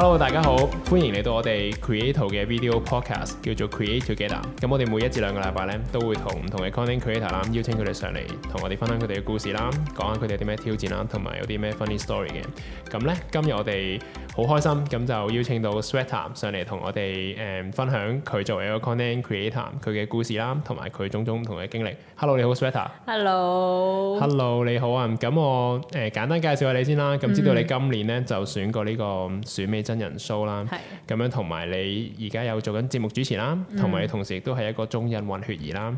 Hello，大家好，歡迎嚟到我哋 Creato 嘅 Video Podcast，叫做 Creatogether，咁我哋每一至兩個禮拜咧，都會同唔同嘅 Content Creator 啦，邀請佢哋上嚟同我哋分享佢哋嘅故事啦，講下佢哋有啲咩挑戰啦，同埋有啲咩 funny story 嘅。咁咧，今日我哋好開心，咁就邀請到 Shweta 上嚟同我哋誒、嗯、分享佢作為一個 Content Creator 佢嘅故事啦，同埋佢種種唔同嘅經歷。Hello，你好 Shweta。Swe Hello。Hello，你好啊。咁我誒、呃、簡單介紹下你先啦。咁知道你今年咧就選過呢個選美。真人 show 啦，咁樣同埋你而家有做緊節目主持啦，同埋、嗯、你同時亦都係一個中印混血兒是啦，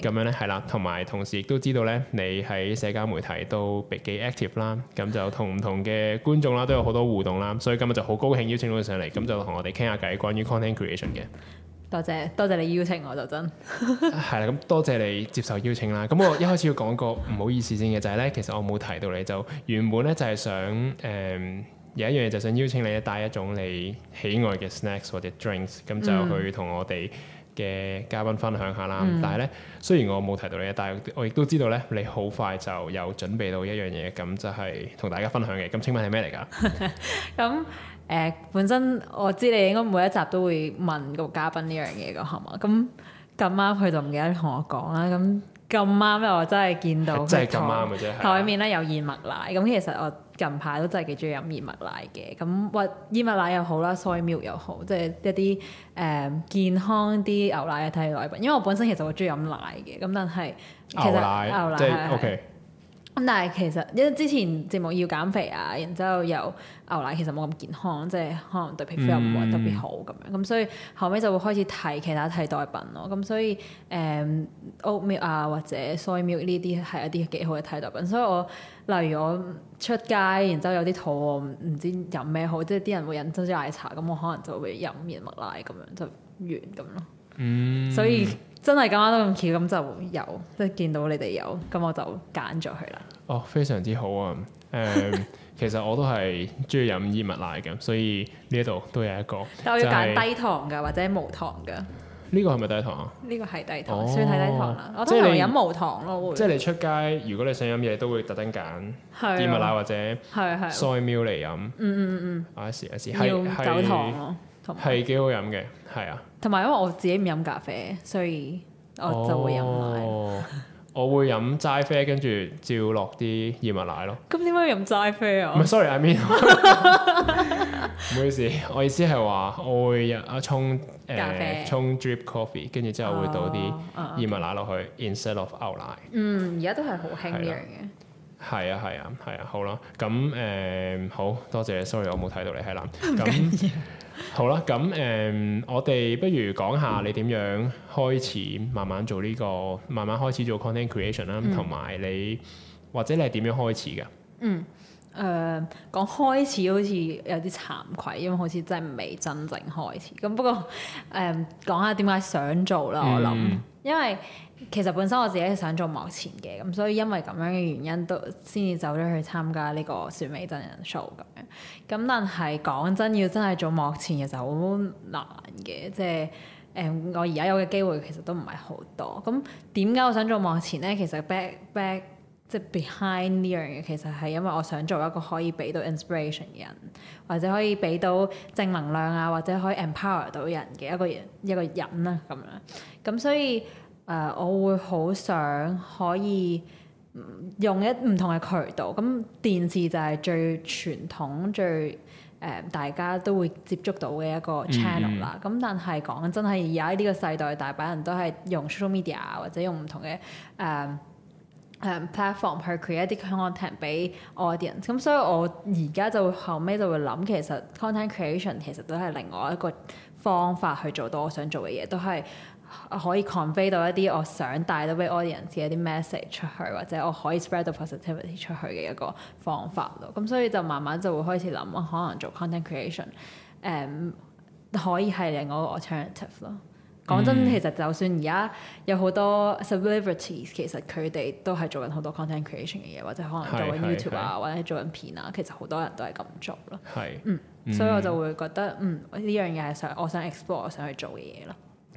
咁樣咧係啦，同埋同時亦都知道咧，你喺社交媒體都幾 active 啦，咁就同唔同嘅觀眾啦都有好多互動啦，所以今日就好高興邀請到你上嚟，咁、嗯、就同我哋傾下偈關於 content creation 嘅。多謝多謝你邀請我，就真係啦。咁 多謝你接受邀請啦。咁我一開始要講個唔好意思先嘅，就係、是、咧，其實我冇提到你就，就原本咧就係想誒。呃有一樣嘢就想邀請你帶一種你喜愛嘅 snacks 或者 drinks，咁、嗯、就去同我哋嘅嘉賓分享下啦。嗯、但係咧，雖然我冇提到你，但係我亦都知道咧，你好快就有準備到一樣嘢，咁就係同大家分享嘅。咁請問係咩嚟㗎？咁誒、 嗯 呃，本身我知你應該每一集都會問個嘉賓呢樣嘢㗎，係嘛？咁咁啱佢就唔記得同我講啦，咁。咁啱咧我真係見到，真係咁啱嘅啫。台面咧有燕麥奶，咁、啊、其實我近排都真係幾中意飲燕麥奶嘅。咁或燕麥奶又好啦，soy milk 又好，即係一啲誒、嗯、健康啲牛奶嘅替代品。因為我本身其實我中意飲奶嘅，咁但係其實牛奶、牛奶、即係、OK。咁但係其實因為之前節目要減肥啊，然之後又牛奶其實冇咁健康，即係可能對皮膚又唔會特別好咁樣。咁、嗯、所以後尾就會開始提其他替代品咯。咁所以誒、嗯、oat milk 啊或者 soy milk 呢啲係一啲幾好嘅替代品。所以我例如我出街，然之後有啲肚餓，唔知飲咩好，即係啲人會飲珍珠奶茶，咁我可能就會飲燕麥奶咁樣就完咁咯。嗯、所以。真係咁啱都咁巧，咁就有即係見到你哋有，咁我就揀咗佢啦。哦，非常之好啊！誒，其實我都係中意飲燕麥奶嘅，所以呢一度都有一個。但我要揀低糖嘅或者無糖嘅。呢個係咪低糖啊？呢個係低糖，算係低糖啦。我都係飲無糖咯。會即係你出街，如果你想飲嘢，都會特登揀燕麥奶或者係係粟米嚟飲。嗯嗯嗯嗯，啊是啊酒糖係。係幾好飲嘅，係啊。同埋因為我自己唔飲咖啡，所以我就會飲奶。我會飲齋啡，跟住照落啲燕麥奶咯。咁點解要飲齋啡啊？唔係，sorry，I mean，唔好意思，我意思係話我會啊沖誒咖啡沖 drip coffee，跟住之後會倒啲燕麥奶落去，instead of 牛奶。嗯，而家都係好興呢樣嘅。係啊，係啊，係啊，好啦。咁誒，好多謝。Sorry，我冇睇到你喺係男。好啦，咁誒，我哋不如講下你點樣開始，慢慢做呢個，慢慢開始做 content creation 啦、嗯，同埋你或者你係點樣開始嘅？嗯，誒、呃，講開始好似有啲慚愧，因為好似真係未真正開始。咁不過誒、呃，講下點解想做啦。我諗，嗯、因為。其實本身我自己係想做幕前嘅，咁所以因為咁樣嘅原因都先至走咗去參加呢個選美真人 show，咁樣。咁但係講真，要真係做幕前嘅就好難嘅，即係誒我而家有嘅機會其實都唔係好多。咁點解我想做幕前呢？其實 back back 即係 behind 呢樣嘢，其實係因為我想做一個可以俾到 inspiration 嘅人，或者可以俾到正能量啊，或者可以 empower 到人嘅一個一個人啦咁、啊、樣。咁所以。誒，uh, 我會好想可以用一唔同嘅渠道，咁電視就係最傳統、最誒、呃、大家都會接觸到嘅一個 channel 啦。咁、mm hmm. 但係講真係而家呢個世代，大把人都係用 social media 或者用唔同嘅誒誒 platform 去 create 啲 content 俾 audience。咁所以我而家就後尾就會諗，其實 content creation 其實都係另外一個方法去做到我想做嘅嘢，都係。可以 convey 到一啲我想帶到俾 audience 嘅一啲 message 出去，或者我可以 spread 到 positivity 出去嘅一個方法咯。咁所以就慢慢就會開始諗，可能做 content creation、嗯、可以係另一個 alternative 咯。講、嗯、真，其實就算而家有好多 celebrities，其實佢哋都係做緊好多 content creation 嘅嘢，或者可能做緊 YouTube 啊，或者做緊片啊，其實好多人都係咁做咯。係是、嗯，所以我就會覺得，嗯，呢、嗯、樣嘢係想我想 explore 我想去做嘅嘢咯。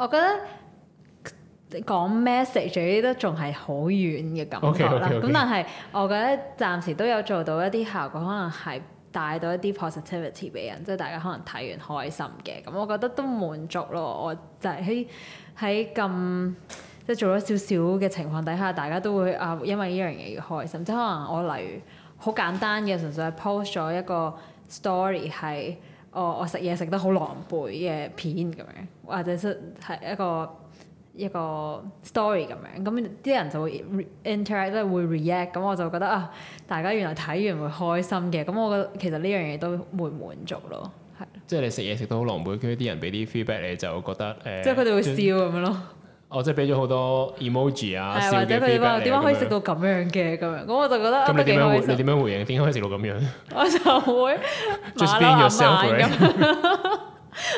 我覺得講 message 呢啲都仲係好遠嘅感覺啦。咁、okay, okay , okay. 但係我覺得暫時都有做到一啲效果，可能係帶到一啲 positivity 俾人，即係大家可能睇完開心嘅。咁我覺得都滿足咯。我就係喺喺咁即係做咗少少嘅情況底下，大家都會啊，因為呢樣嘢要開心。即係可能我例如好簡單嘅，純粹 post 咗一個 story 係。哦、我我食嘢食得好狼狽嘅片咁樣，或者出係一個一個 story 咁樣，咁啲人就會 interact 都會 react，咁我就覺得啊、哦，大家原來睇完會開心嘅，咁我覺得其實呢樣嘢都會滿足咯，係。即係你食嘢食得好狼狽，跟住啲人俾啲 feedback 你就覺得誒。呃、即係佢哋會笑咁樣咯。尊 我即係俾咗好多 emoji 啊，或者佢話點解可以食到咁樣嘅咁樣，咁我就覺得啊，幾開心。你點樣回應？點解可以食到咁樣？我就會 just be yourself 咁。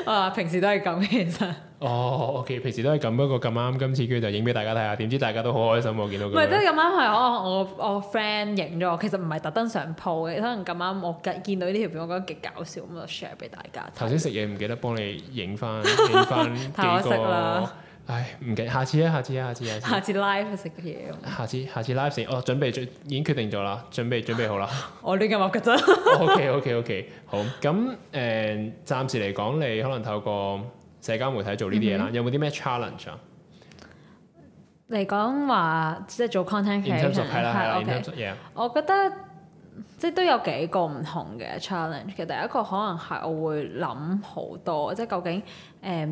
啊，平時都係咁其實。哦，OK，平時都係咁，不過咁啱今次佢就影俾大家睇下，點知大家都好開心。我見到佢，唔係都咁啱係我我我 friend 影咗，其實唔係特登上鋪嘅，可能咁啱我見見到呢條片，我覺得極搞笑，咁就 share 俾大家。頭先食嘢唔記得幫你影翻影翻幾個。唉，唔記得，下次啊，下次啊，下次啊，下次 live 食嘢。下次，下次，下次 live 先，我、哦、準備，準已經決定咗啦，準備準備好啦。 我亂咁話嘅啫。OK，OK，OK，好。咁誒，暫、呃、時嚟講，你可能透過社交媒體做呢啲嘢啦。嗯、哼有冇啲咩 challenge 啊？嚟講話即係做 content creation 係啦，嘢？我覺得。即係都有幾個唔同嘅 challenge。其實第一個可能係我會諗好多，即係究竟誒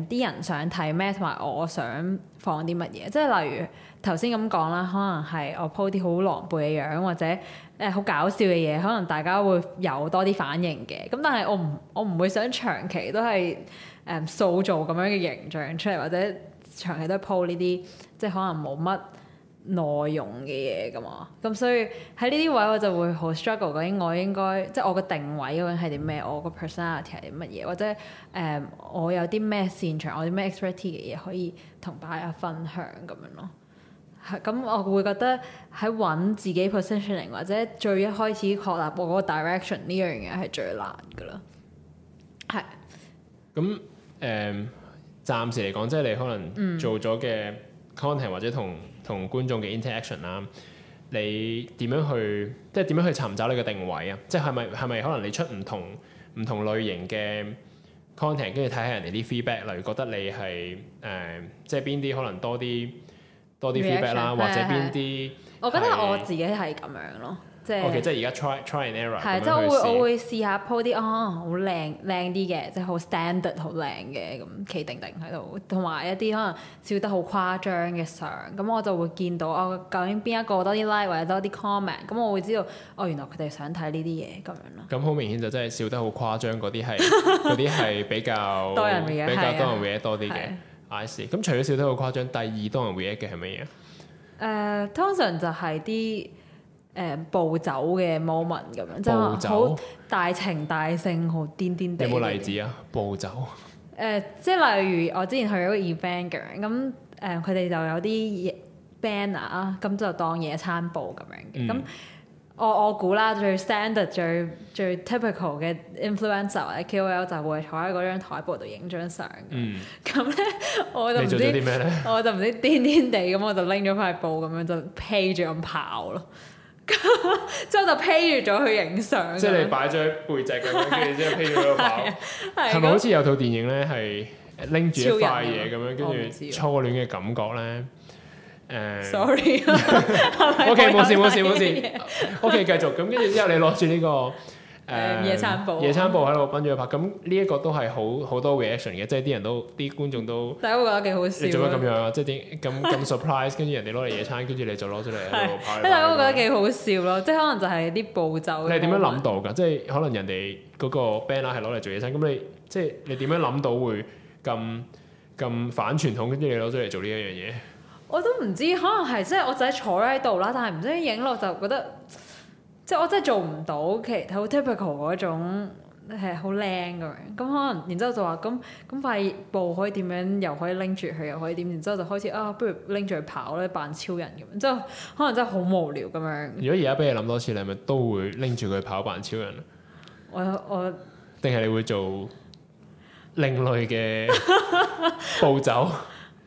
啲、呃、人想睇咩，同埋我想放啲乜嘢。即係例如頭先咁講啦，可能係我鋪啲好狼狽嘅樣，或者誒好、呃、搞笑嘅嘢，可能大家會有多啲反應嘅。咁但係我唔我唔會想長期都係誒、呃、塑造咁樣嘅形象出嚟，或者長期都係鋪呢啲即係可能冇乜。內容嘅嘢咁啊，咁所以喺呢啲位我就會好 struggle 究竟我應該即係我個定位究竟係啲咩，我個 personality 係啲乜嘢，或者誒、呃、我有啲咩擅長，我啲咩 expertise 嘅嘢可以同大家分享咁樣咯。係咁，我會覺得喺揾自己 positioning 或者最一開始確立我 dire 個 direction 呢樣嘢係最難噶啦。係。咁誒、呃，暫時嚟講，即係你可能做咗嘅、嗯。content 或者同同觀眾嘅 interaction 啦，你點樣去即係點樣去尋找你嘅定位啊？即係咪係咪可能你出唔同唔同類型嘅 content，跟住睇下人哋啲 feedback，例如覺得你係誒、呃、即係邊啲可能多啲多啲 feedback 啦，或者邊啲？我覺得我自己係咁樣咯。即係，okay, 即係而家 try try and error 即係我會我會試下 po 啲哦好靚靚啲嘅，即係好 standard 好靚嘅咁企定定喺度，同埋一啲可能笑得好誇張嘅相，咁我就會見到哦，究竟邊一個多啲 like 或者多啲 comment，咁我會知道哦，原來佢哋想睇呢啲嘢咁樣咯。咁好明顯就真係笑得好誇張嗰啲係嗰啲係比較多人比較多人 react 多啲嘅 ice。咁的除咗笑得好誇張，第二多人 react 嘅係乜嘢？誒，uh, 通常就係啲。誒暴、呃、走嘅 moment 咁樣，走即係好大情大性，好癲癲地。有冇例子啊？暴走誒、呃，即係例如我之前去咗個 event 咁，誒佢哋就有啲 banner 啊，咁就當野餐布咁樣嘅。咁、嗯、我我估啦，最 standard 最最 typical 嘅 influencer 或者 KOL 就會坐喺嗰張台布度影張相嘅。咁咧、嗯，我就唔知啲咩咧，我就唔知癲癲地咁，我就拎咗塊布咁樣就披住咁跑咯。之後就披住咗去影相。 即係你擺咗喺背脊咁樣，跟住之後披咗喺度跑。係咪、啊、好似有套電影咧，係拎住塊嘢咁樣，跟住初戀嘅感覺咧？誒，sorry，OK，冇事冇事冇事 ，OK，繼續咁，跟住之後你攞住呢個。 誒野、嗯、餐布野餐布喺度揾住去拍，咁呢一個都係好好多 reaction 嘅，即係啲人都，啲觀眾都，大家都覺得幾好笑。做乜咁樣啊？即係點咁咁 surprise？跟住 人哋攞嚟野餐，跟住你就攞出嚟拍。大家都覺得幾好笑咯， 即係可能就係啲步驟。你點樣諗到㗎？即係可能人哋嗰個 banner 係攞嚟做野餐，咁你即係、就是、你點樣諗到會咁咁 反傳統？跟住你攞出嚟做呢一樣嘢？我都唔知，可能係即係我仔坐喺度啦，但係唔知影落就覺得。即係我真係做唔到，其實好 typical 嗰種係好靚嘅，咁可能然之後就話咁咁塊布可以點樣，又可以拎住佢，又可以點，然之後就開始啊、哦，不如拎住佢跑咧，扮超人咁，即係可能真係好無聊咁樣。如果而家俾你諗多次，你係咪都會拎住佢跑扮超人啊？我我定係你會做另類嘅步驟？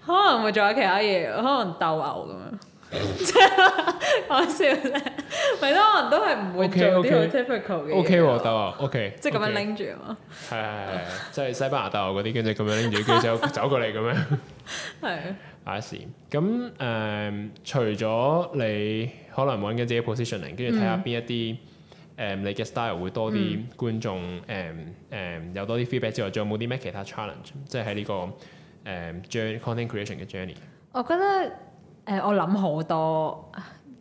可能會做下其他嘢，可能鬥牛咁樣，好笑咧～ 係咯，人都係唔會做啲 typical 嘅。O K 喎，得啊，O K。即係咁樣拎住啊嘛。係係係，即係西班牙豆嗰啲，跟住咁樣拎住，跟住就走過嚟咁樣。係 的。阿士， 咁、呃、誒，除咗你可能揾緊自己 positioning，跟住睇下邊一啲誒、嗯呃、你嘅 style 會多啲、嗯、觀眾誒誒有多啲 feedback 之外，仲有冇啲咩其他 challenge？即係喺呢、這個誒 journey content creation 嘅 journey。我覺得誒、呃，我諗好多。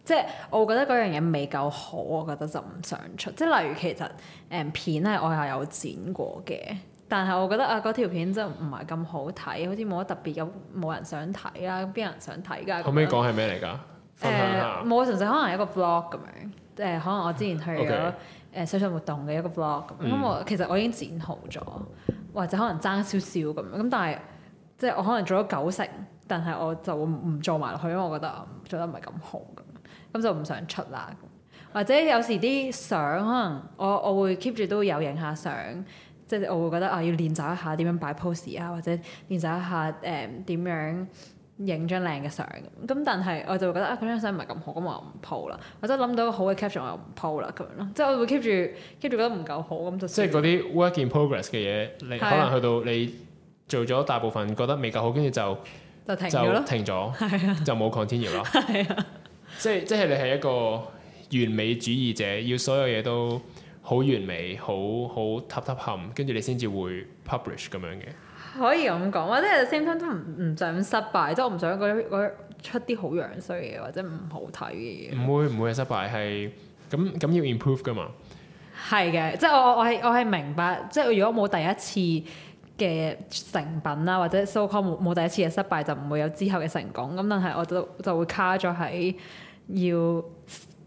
即係我覺得嗰樣嘢未夠好，我覺得就唔想出。即係例如其實誒、嗯、片呢我係有剪過嘅，但係我覺得啊嗰條片真係唔係咁好睇，好似冇乜特別咁，冇人想睇啦。邊有人想睇㗎、呃？可唔可以講係咩嚟㗎？誒，冇純粹可能係一個 vlog 咁樣，即、呃、係可能我之前去咗誒、嗯 okay。水上活動嘅一個 vlog 咁，咁我、嗯、其實我已經剪好咗，或者可能爭少少咁，咁但係即係我可能做咗九成，但係我就唔做埋落去，因為我覺得我做得唔係咁好。咁就唔想出啦，或者有時啲相可能我我會 keep 住都有影下相，即係我會覺得啊要練習一下點樣擺 pose 啊，或者練習一下誒點、嗯、樣影張靚嘅相咁。咁但係我就會覺得啊嗰張相唔係咁好，咁我又唔 po 啦。或者諗到好嘅 caption 我又唔 po 啦咁樣咯，即係我會 keep 住 keep 住覺得唔夠好咁就。即係嗰啲 work in progress 嘅嘢，啊、你可能去到你做咗大部分覺得未夠好，跟住就就停咗，就冇 continue 咯。 即係即係你係一個完美主義者，要所有嘢都好完美，好好凹凹陷，跟住你先至會 publish 咁樣嘅。可以咁講，或者係 same time 都唔唔想失敗，即係我唔想嗰嗰出啲好樣衰嘅或者唔好睇嘅嘢。唔會唔會係失敗，係咁咁要 improve 噶嘛。係嘅，即係我我係我係明白，即係如果冇第一次嘅成品啦，或者 so called 冇冇第一次嘅失敗，就唔會有之後嘅成功。咁但係我就就會卡咗喺。要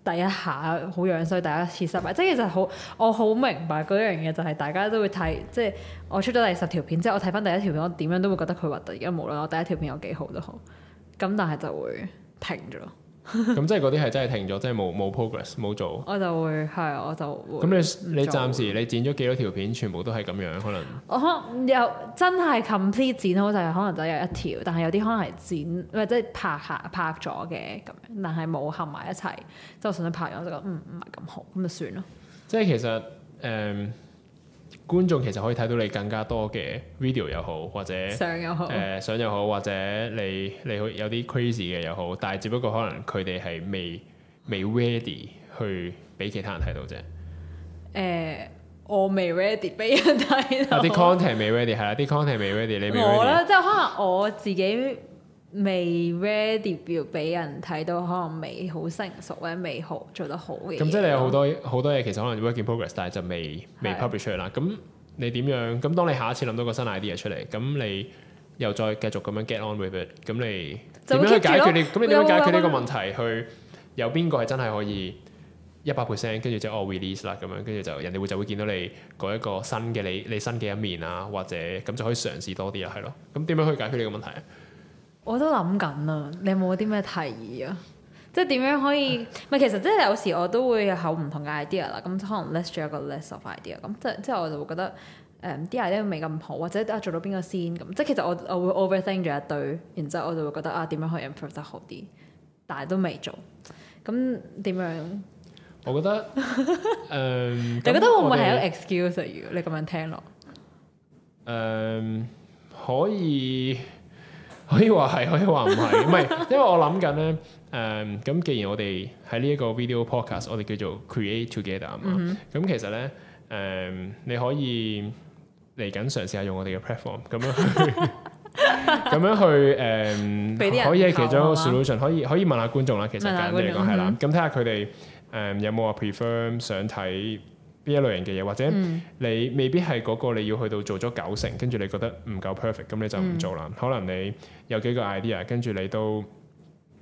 第一下好樣衰，第一次失敗，即其實好，我好明白嗰樣嘢就係大家都會睇，即我出咗第十條片之後，我睇翻第一條片，我點樣都會覺得佢核突，而家無論我第一條片有幾好都好，咁但係就會停咗。咁 即係嗰啲係真係停咗，即係冇冇 progress 冇做我。我就會係，我就會。咁你你暫時你剪咗幾多條片，全部都係咁樣可能？我可能又真係 complete 剪好就係可能就有一條，但係有啲可能係剪，或者拍下拍咗嘅咁樣，但係冇合埋一齊，就順序拍完我就覺得，嗯，唔係咁好，咁就算囉。即係其實誒。嗯觀眾其實可以睇到你更加多嘅 video 又好，或者相又好，誒、呃、相又好，或者你你去有啲 crazy 嘅又好，但係只不過可能佢哋係未未 ready 去俾其他人睇到啫。誒、呃，我未 ready 俾人睇啦，啲、啊、content 未 ready 係啦、啊，啲 content 未 ready，你未 ready，我咧即係可能我自己。未 ready 俾人睇到，可能未好成熟或者未好做得好嘅。咁即係你有好多好、嗯、多嘢，其實可能 working progress，但係就未是的 未 publish 出嚟啦。咁你點樣？咁當你下一次諗到個新 idea 出嚟，咁你又再繼續咁樣 get on with it。咁你點樣去解決你？咁你點樣解決呢個問題？去有邊個係真係可以一百 percent？跟住即係我 release 啦，咁樣跟住就人哋會就會見到你嗰一個新嘅你你新嘅一面啊，或者咁就可以嘗試多啲啊，係咯。咁點樣可以解決呢個問題啊？我都諗緊啊，你有冇啲咩提議啊？即係點樣可以？唔係、啊，其實即係有時我都會考唔同嘅 idea 啦。咁可能 less 一個 l i s t of idea。咁、嗯、ide 即係之後我就會覺得誒，啲 idea 未咁好，或者啊，做到邊個先咁？即係其實我我會 overthink 咗一堆，然之後我就會覺得啊，點樣可以 i m p r o v e 得好啲？但係都未做，咁點樣？我覺得誒， 嗯、 你覺得會唔會係一個 excuse？如、啊嗯、你咁樣聽落，誒、嗯，可以。可以話係，可以話唔係，唔係， 因為我諗緊咧，誒、嗯，咁既然我哋喺呢一個 video podcast，我哋叫做 create together 啊嘛、嗯哼，咁其實咧，誒、嗯，你可以嚟緊嘗試下用我哋嘅 platform，咁樣去，咁 樣去，誒、嗯，可以喺其中一個 solution，吧可以可以問下觀眾啦，其實簡單嚟講係啦，咁睇下佢哋，誒，有冇話 prefer 想睇？邊一類型嘅嘢，或者你未必係嗰個你要去到做咗九成，跟住、嗯、你覺得唔夠 perfect，咁你就唔做啦。可能你有幾個 idea，跟住你都、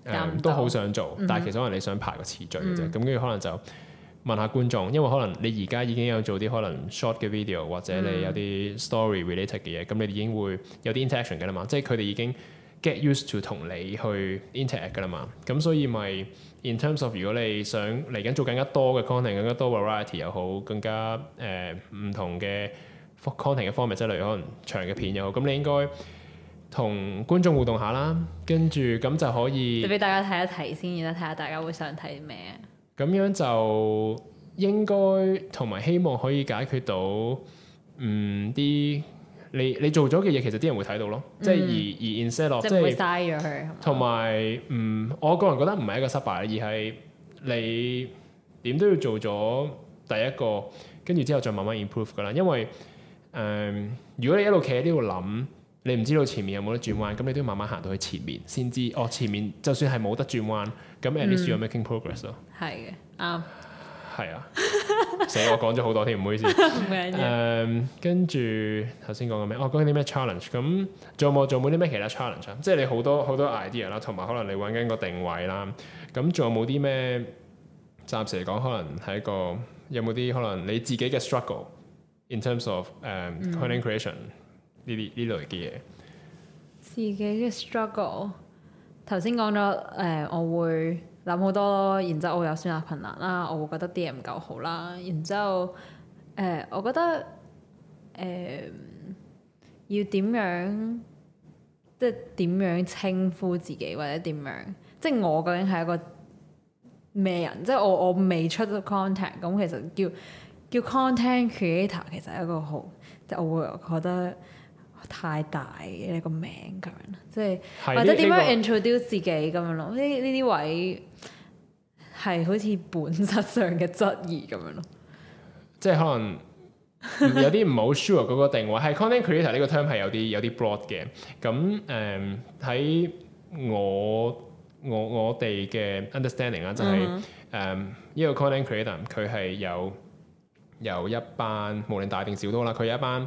嗯、都好想做，但係其實可能你想排個次序嘅啫。咁跟住可能就問下觀眾，因為可能你而家已經有做啲可能 short 嘅 video，或者你有啲 story-related 嘅嘢，咁、嗯、你已經會有啲 interaction 嘅啦嘛，即係佢哋已經 get used to 同你去 interact 噶啦嘛，咁所以咪、就是、in terms of 如果你想嚟緊做更加多嘅 content，更加多 variety 又好，更加誒唔、呃、同嘅 content 嘅方面，即例如可能長嘅片又好，咁你應該同觀眾互動下啦，跟住咁就可以。俾大家睇一睇先然啦，睇下大家會想睇咩。咁樣就應該同埋希望可以解決到嗯啲。你你做咗嘅嘢其實啲人會睇到咯，即係而而 insert 落，即係嘥咗佢同埋嗯，我個人覺得唔係一個失敗，而係你點都要做咗第一個，跟住之後再慢慢 improve 噶啦。因為誒、呃，如果你一路企喺呢度諗，你唔知道前面有冇得轉彎，咁、mm hmm. 你都要慢慢行到去前面先知。哦，前面就算係冇得轉彎，咁 at least you are making progress 咯、mm。係、hmm. 嘅了，啱。係、oh. 啊的。 死！ 我講咗好多添，唔好意思。誒 用，跟住頭先講緊咩？哦，講緊啲咩 challenge？咁仲有冇仲冇啲咩其他 challenge？即係你好多好多 idea 啦，同埋可能你揾緊個定位啦。咁仲有冇啲咩？暫時嚟講，可能係一個有冇啲可能你自己嘅 struggle in terms of 誒 content creation 呢啲呢類嘅嘢。自己嘅 struggle，頭先講咗誒、呃，我會。諗好多咯，然之後我又選擇困難啦，我會覺得啲嘢唔夠好啦，然之後誒、呃，我覺得誒、呃、要點樣，即點樣稱呼自己或者點樣，即我究竟係一個咩人？即我我未出 content 咁，其實叫叫 content creator 其實係一個好，即我會覺得。太大嘅一、這個名咁樣即係或者點樣這 introduce、這個、自己咁樣咯？呢呢啲位係好似本質上嘅質疑咁樣咯。即係可能有啲唔好 sure 嗰個定位係 content creator 呢個 term 係有啲有啲 broad 嘅。咁誒喺我我我哋嘅 understanding 啦，understanding, 就係誒呢個 content creator 佢係有有一班無論大定小都好啦，佢有，有一班。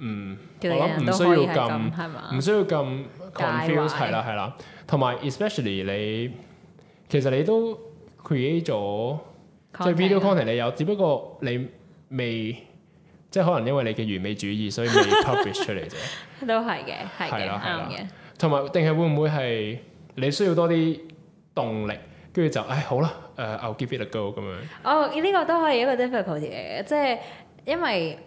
嗯，他們 我諗唔需要咁，唔需要咁 confuse 係啦，係啦，同埋 especially 你，其實你都 create 咗，即係 Content video content，啊、你有，只不過你未，即係可能因為你嘅完美主義，所以未 publish 出嚟啫。 都係嘅，係嘅，啱嘅。同埋定係會唔會係你需要多啲動力，跟住就，唉，好啦，誒、uh,，I'll give it a go 咁樣。哦，呢個都可以一個 difficulty 嚟嘅，即係因為。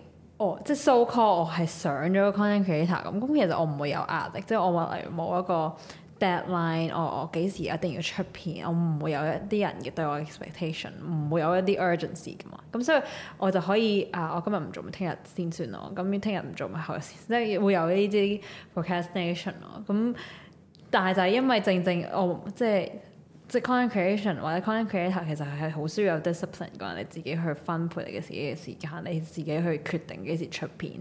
哦，oh, 即係 so call 我係上咗個 content creator 咁，咁其實我唔會有壓力，即係我話例如冇一個 deadline，、哦、我我幾時一定要出片，我唔會有一啲人嘅對我 expectation，唔會有一啲 urgency 噶嘛，咁所以我就可以啊，我今日唔做咪聽日先算咯，咁聽日唔做咪後日先，即係會有呢啲 procrastination 咯，咁但係就係因為正正我即係。即係 content creation 或者 content creator 其實係好需要有 discipline 嘅，你自己去分配你嘅自己嘅時間，你自己去決定幾時出片。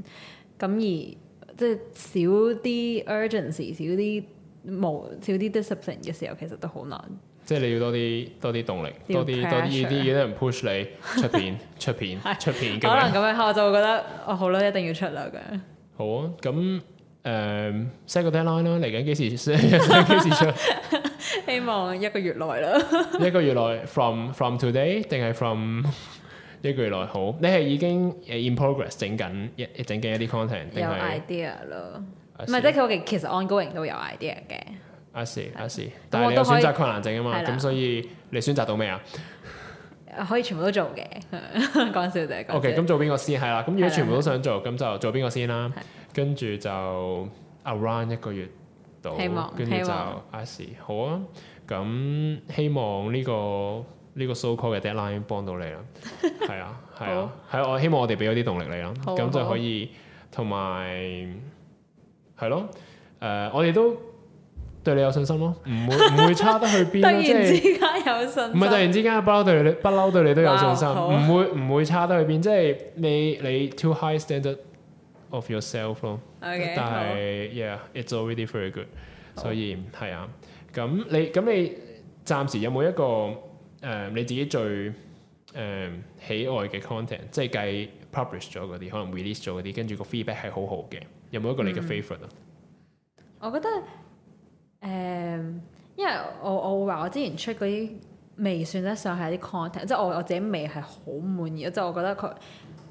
咁而即係少啲 urgency，少啲冇少啲 discipline 嘅時候，其實都好難。即係你要多啲多啲動力，多啲多依啲嘢，都人 push 你出片出片出片。可能咁樣， 我就會覺得哦好啦，一定要出啦咁。好啊，咁誒、呃、set 個 deadline 啦，嚟緊幾時？幾時出？希望一個月內啦，一個月內 from from today 定係 from 一個月內好？你係已經誒 in progress 整緊一整緊一啲 content 定係 idea 咯？唔係即係佢其實 ongoing 都有 idea 嘅。啊係啊係，但係你有選擇困難症啊嘛，咁所以你選擇到咩啊？可以全部都做嘅，講笑啫，講笑啫。OK，咁做邊個先？係啦，咁如果全部都想做，咁就做邊個先啦？跟住就 around 一個月。希望跟住就阿 s i 好啊，咁、嗯、希望呢、這個呢、這個 so call 嘅 deadline 幫到你啦，係啊，係啊，係、啊，我、嗯、希望我哋俾咗啲動力你啦，咁哈就可以，同埋係咯，誒、呃，我哋都對你有信心咯，唔會唔哈會差得去邊？突然之間有信心唔係突然之間、就是、不嬲對你，不嬲對你都有信心，唔、啊、會唔會差得去邊？即係你你 too high standard。j Of yourself 咯，但係，yeah，it's already very good。Oh. 所以，係啊，咁你咁你暫時有冇一個誒、um, 你自己最誒、um, 喜愛嘅 content，即係計 publish 咗嗰啲，可能 release 咗嗰啲，跟住個 feedback 係好好嘅。有冇一個你嘅 favourite 啊、嗯？我覺得誒、呃，因為我我會話我之前出嗰啲未算得上係啲 content，即係我我自己未係好滿意，即、就、係、是、我覺得佢。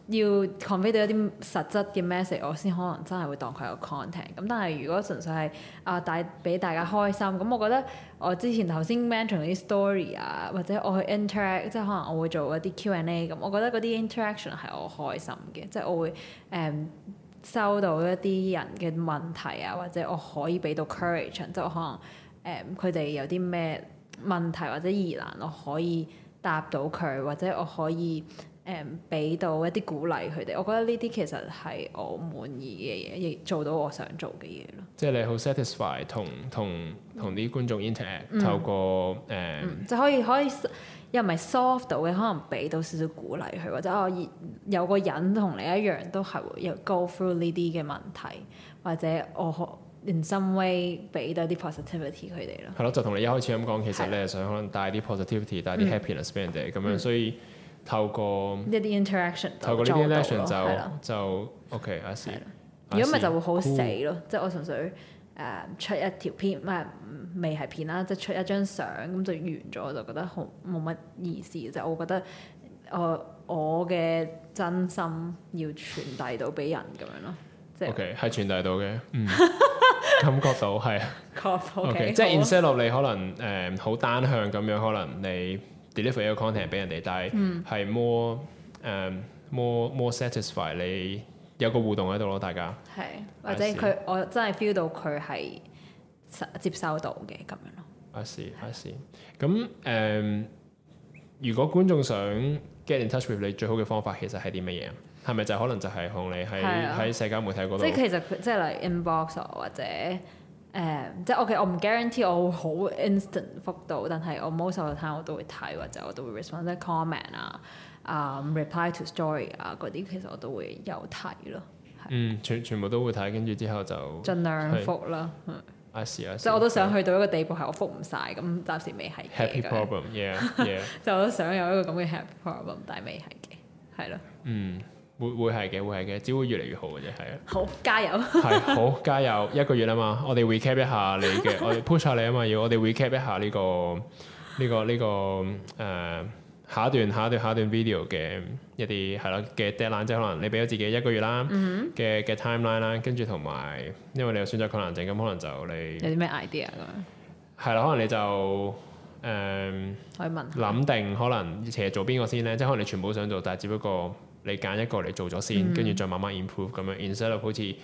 要 convey 到一啲實質嘅 message，我先可能真係會當佢有 content。咁但係如果純粹係啊帶俾大家開心，咁我覺得我之前頭先 mention 啲 story 啊，或者我去 interact，即係可能我會做一啲 Q and A。咁我覺得嗰啲 interaction 係我開心嘅，即係我會誒、嗯、收到一啲人嘅問題啊，或者我可以俾到 courage，即係我可能誒佢哋有啲咩問題或者疑難，我可以答到佢，或者我可以。誒，俾到一啲鼓勵佢哋，我覺得呢啲其實係我滿意嘅嘢，亦做到我想做嘅嘢咯。即係你好 satisfied 同同同啲觀眾 interact 透過誒，嗯嗯、就可以可以又唔係 solve 到嘅，可能俾到少少鼓勵佢，或者我、啊、有個人同你一樣都係會有 go through 呢啲嘅問題，或者我好 in some way 俾到啲 positivity 佢哋咯。係咯們，就同你一開始咁講，其實你係想可能帶啲 positivity、嗯、帶啲 happiness 俾人哋咁樣、嗯嗯、樣，所以。所以所以所以所以透過呢啲 interaction，透過呢啲 interaction 就就 OK，啊係，如果咪就會好死咯，即係我純粹誒出一條片，唔未係片啦，即係出一張相咁就完咗，我就覺得好冇乜意思。即係我覺得我我嘅真心要傳遞到俾人咁樣咯，即係 OK 係傳遞到嘅，感覺到係 OK。即係 insert 落嚟可能誒好單向咁樣，可能你。deliver 一個 content 俾人哋，但係係 more 誒、um, more more a work, you know? s a t 是 i see . s f y 你有個互動喺度咯，大家係或者佢我真係 feel 到佢係接收到嘅咁樣咯。阿 s 阿 s 咁誒是的、um, 如果觀眾想 get in touch with 你，最好嘅方法其實係啲乜嘢？係咪就是、可能就係同你喺喺是的 社交媒體嗰度？即係其實即係嚟 inbox 或者。誒即係 OK，我唔 guarantee 我會好 instant 覆到，但係我 most of the time 我都會睇或者我都會 respond 即係 comment 啊、啊 reply to story 啊，嗰啲其實我都會有睇咯。嗯，全全部都會睇，跟住之後就盡量覆啦。乎是嗯，試一試。即我都想去到一個地步係我覆唔晒。咁暫時未係。Happy problem，yeah yeah。就我都想有一個咁嘅 happy problem，但係未係嘅，係咯。嗯。會會係嘅，會係嘅，只會越嚟越好嘅啫，係啊。好加油！係好加油， 一個月啊嘛，我哋 recap 一下你嘅， 我哋 push 下你啊嘛，要我哋 recap 一下呢、呢個呢、呢個呢、呢個誒、呃、下一段下一段下一段 video 嘅一啲係啦嘅 deadline，即係可能你俾咗自己一個月啦嘅嘅、嗯、哼 timeline 啦，跟住同埋因為你有選擇困難症，咁可能就你有啲咩 idea 咁係啦，可能你就誒、呃、可諗定可能其實做邊個先咧？即係可能你全部都想做，但係只不過。你揀一個嚟做咗先，跟住再慢慢 improve 咁樣 instead 好似誒、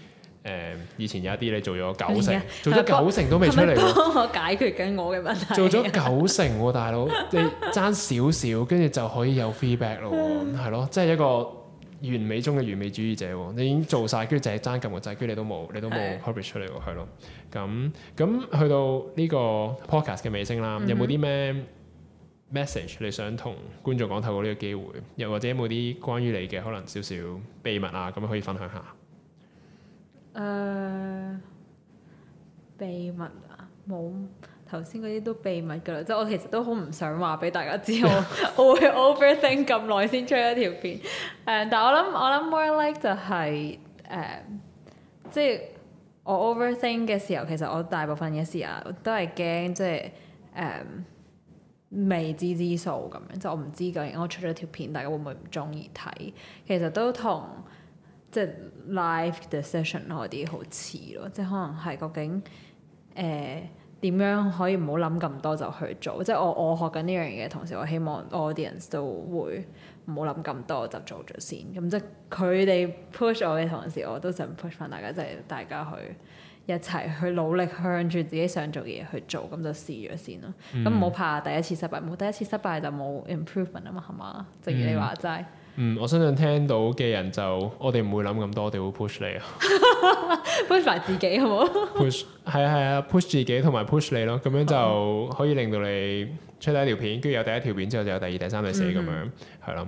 呃、以前有一啲你做咗九成，yeah, 做咗九成都未出嚟喎。同埋幫我解決緊我嘅問題、啊。 做咗九成喎，大佬，你爭少少，跟住就可以有 feedback 咯，係咯、mm.，即係一個完美中嘅完美主義者喎。你已經做晒，跟住就係爭咁多仔，跟住你都冇，你都冇 publish 出嚟喎，係咯 Yeah.。咁咁去到呢個 podcast 嘅尾聲啦，有冇啲咩？Mm. Message, 你想同觀眾講透過呢個機會，又或者有冇啲關於你嘅可能少少秘密啊，咁可以分享下。誒，uh, 秘密啊，冇頭先嗰啲都秘密㗎喇，即係我其實都好唔想話俾大家知，我 我會 overthink 咁耐先出一條片。誒，um, 但係我諗我諗 more like 就係、是、誒，um, 即係我 overthink 嘅時候，其實我大部分嘅事啊都係驚，即係誒。Um, 未知之數咁樣，就我唔知究竟，我出咗條片，大家會唔會唔中意睇？其實都同即係 live decision 嗰啲好似咯，即係可能係究竟誒點樣可以唔好諗咁多就去做？即係我我學緊呢樣嘢，同時我希望 audience 都會唔好諗咁多就做咗先。咁即係佢哋 push 我嘅同時，我都想 push 翻大家，即係大家去。一齊去努力向住自己想做嘅嘢去做，咁就試咗先咯。咁唔好、嗯、怕第一次失敗，冇第一次失敗就冇 improvement 啊嘛、嗯，係嘛？正如你話齋。嗯，我相信聽到嘅人就，我哋唔會諗咁多，我哋會 push 你啊，push 埋自己好冇？Push 係啊係啊，push 自己同埋 push 你咯，咁樣就可以令到你出第一條片，跟住有第一條片之後就有第二、第三、第四咁、嗯、樣，係咯。